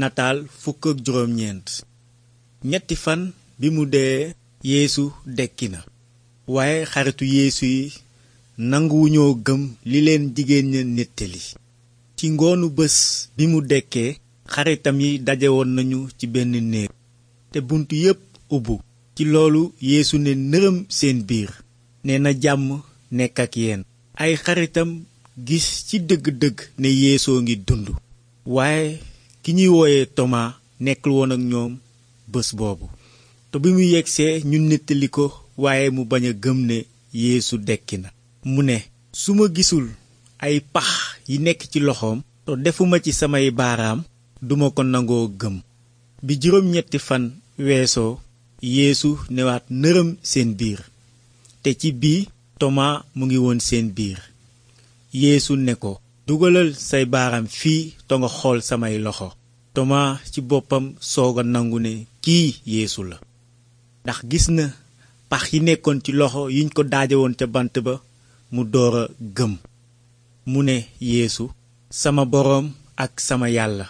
nataal fukk ñetti fan bi mu dee yeesu dekki na waaye xaritu yéesu yi nanguwuñoo gëm li leen jigéen ña nettali ci ngoonu bés bi mu dekkee xaritam yi dajewoon nañu ci benn néeg te bunt yépp ubbu ci loolu yéesu ne nërëm seen biir nee na jàmm nekk ak yéen ay xaritam gis ci dëgg-dëgg ne yeesoo ngi dund waaye ki ñuy wooyee Thomas nekkul woon ak ñoom bés boobu to bi mu yegsee ñu nettali ko waaye mu bañ a gëm ne yéesu dekki na mu ne su ma gisul ay pax yi nekk ci loxoom te defuma ci samay baaraam duma ko nangoo gëm bi juróom-ñetti fan weesoo yéesu newaat nërëm seen biir te ci bii Thomas mu ngi woon seen biir yéesu ne ko dugalal say baaraam fii te xool samay loxo Tomaa ci boppam soog a nangu ne kii yéesu la ndax gis na pax yi nekkoon ci loxo yiñ ko daaje woon ca bant ba mu door a gëm mu ne yéesu sama boroom ak sama yàlla